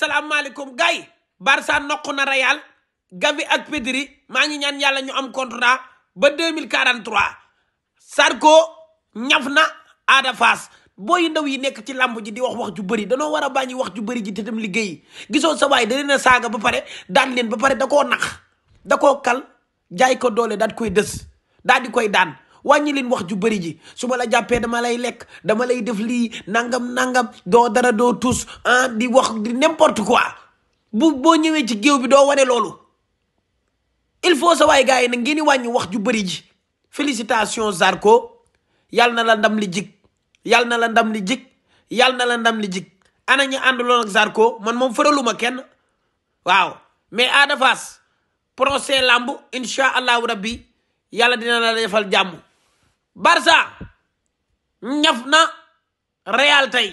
salaamaaleykum gars yi Barça noq na Real Gavi ak Pedri maa ngi ñaan yàlla ñu am contrat ba deux mille quarante trois Sarko ñaf na Ada boo booy ndaw yi nekk ci làmb ji di wax wax ju bari danoo war a bàññi wax ju bari ji te dem liggéey gisoo sa waay da leen saaga ba pare daan leen ba pare da koo naq da koo kal jaay ko doole daal koy des daal di koy daan. wàññi leen wax ju bëri ji su la jàppee dama lay lekk dama lay def lii nangam nangam doo dara doo tus ah di wax di n'importe quoi bu boo ñëwee ci géew bi doo wane loolu il faut sa waay gars yi nag ngeen di wàññi wax ju bëri ji félicitations Zarko yàlla na la ndam li jig yàlla na la ndam li jig yàlla na la ndam li jig ana ñu àndaloon ak Zarko man moom fëraluma kenn waaw mais Ada Fass procès lamb incha allahu rabbi yàlla dina la defal jàmm Barça ñaf na Real tey